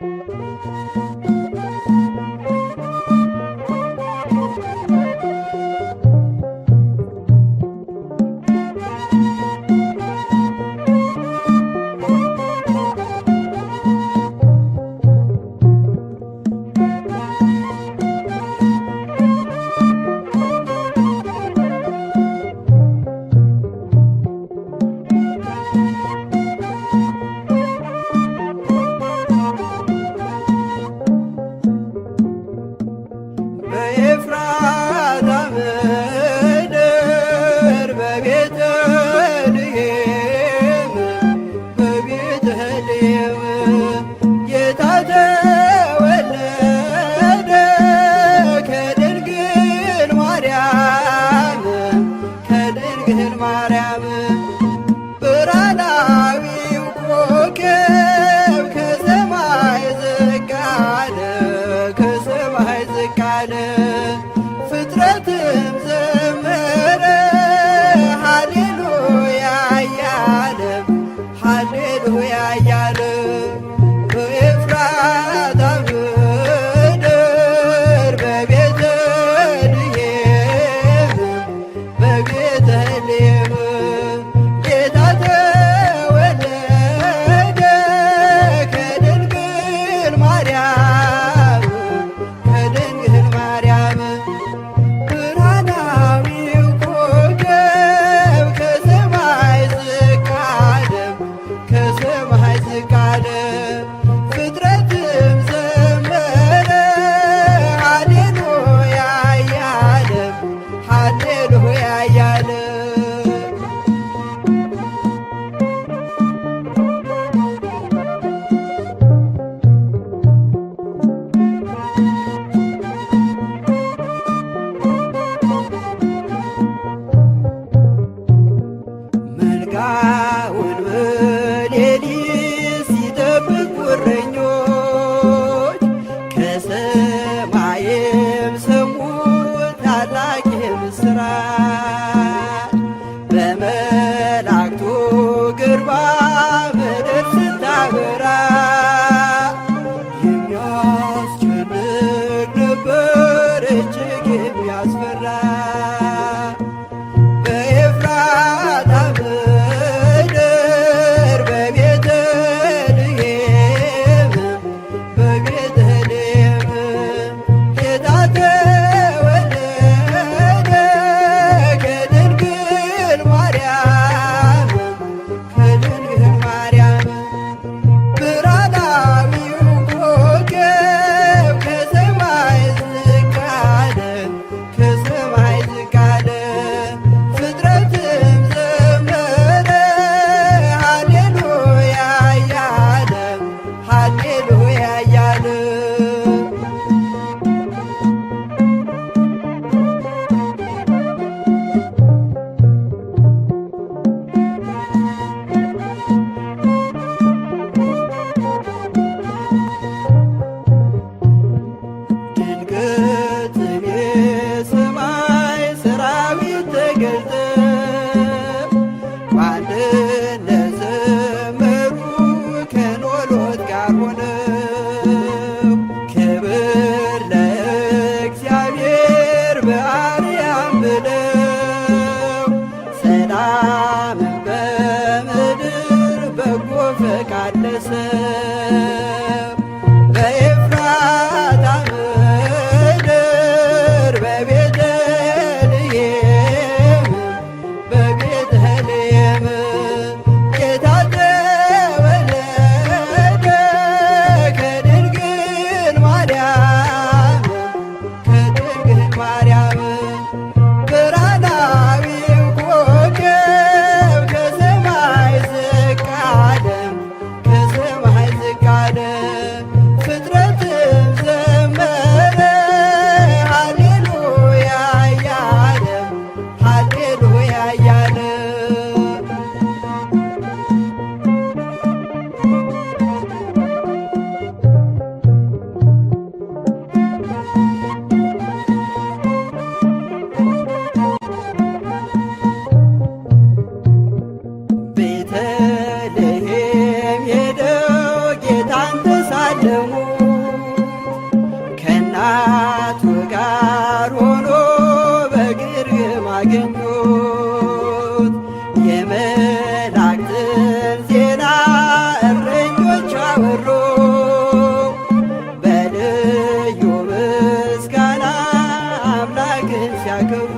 Thank you. yeah. ከሰማይ Santiago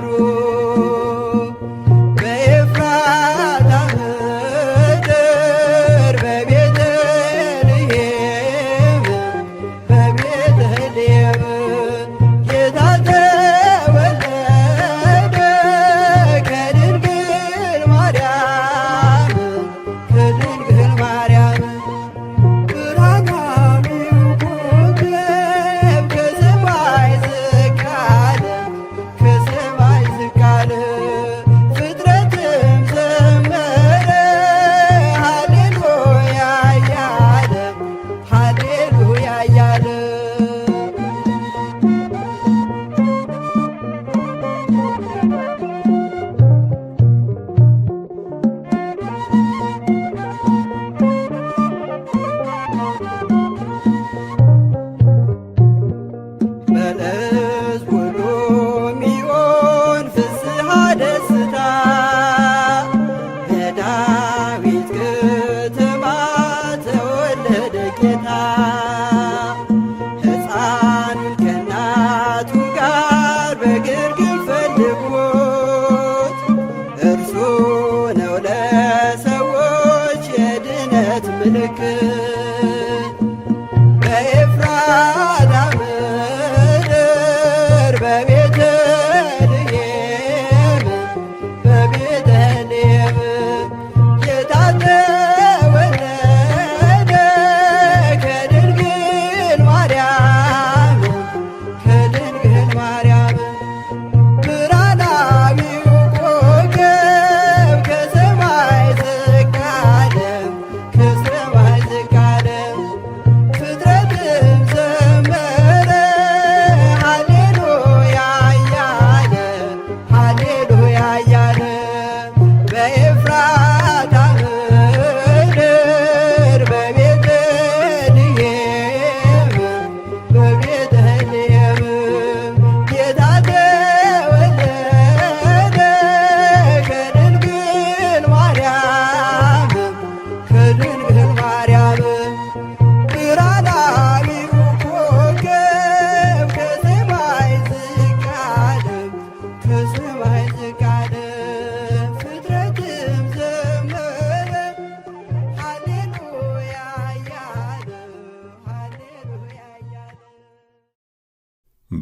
ወደ ጌታ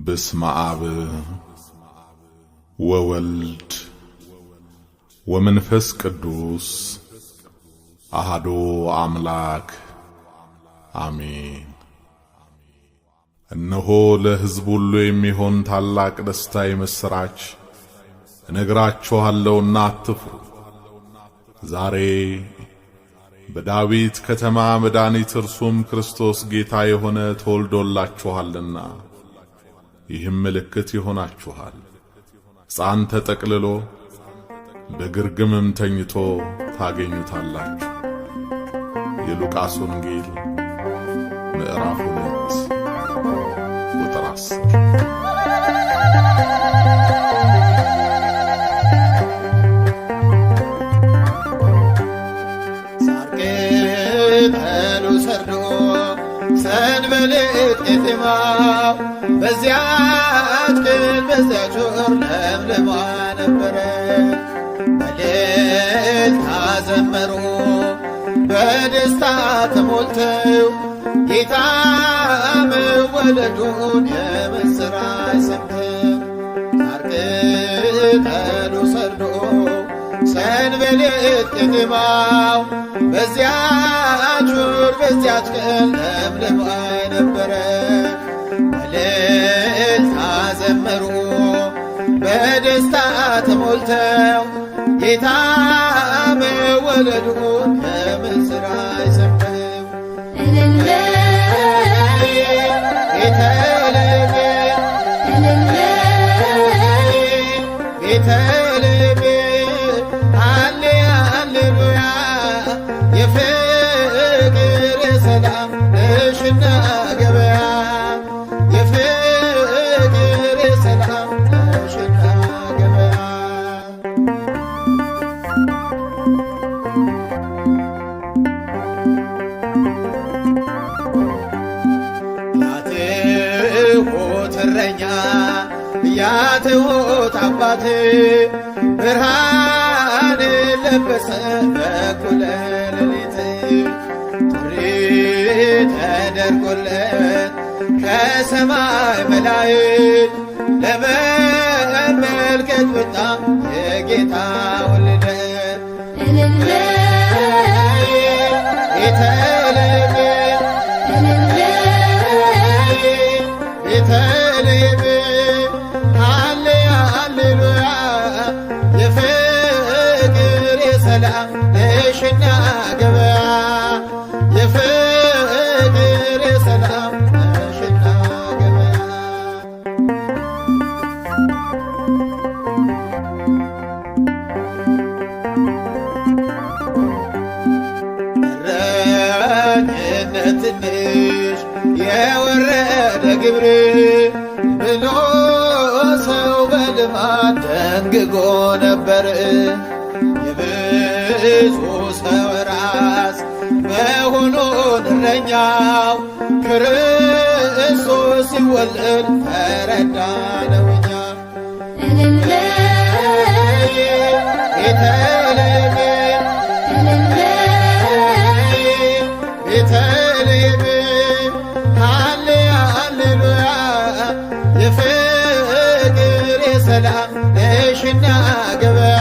በስመ አብ ወወልድ ወመንፈስ ቅዱስ አሃዶ አምላክ አሜን። እነሆ ለሕዝብ ሁሉ የሚሆን ታላቅ ደስታ የምሥራች እነግራችኋለሁና አትፍሩ። ዛሬ በዳዊት ከተማ መድኃኒት እርሱም ክርስቶስ ጌታ የሆነ ተወልዶላችኋልና ይህም ምልክት ይሆናችኋል። ሕፃን ተጠቅልሎ በግርግምም ተኝቶ ታገኙታላችሁ። የሉቃስ ወንጌል ምዕራፍ ሁለት ቁጥር አስር ሰንበሌጥ በዚያች ግን በዚያች ወር ለምልማ ነበረ። በእልልታ ዘመሩ በደስታ ተሞልተው ጌታ መወለዱን የምስራች ሰምተው ሳር ቅጠሉ ሰርዶ ሰንበሌጥ ከተማው በዚያች ወር በዚያች ቀን ነበረ። ተሞልተው ጌታ መወለዱን በምስራች ሰምተው የተለየ የተለየ ያትወት አባት ብርሃን ለበሰ በኩለ ሌሊት ጥሪ ተደርጎለት ከሰማይ መላእክት ለመመልከት ወጣ የጌታ ወልደ ነሽና ገበያ የፍቅር የሰላም ነሽና ግባ ረኝነት ትንሽ የወረደ ግብር ብሎ ሰው በልማት ደንግጎ ነበር የብዙ ሰው ራስ መሆኑን እረኛው ክርስቶስ ሲወለድ ተረዳነው እኛ የፍቅር የሰላም ነሽና ገበያ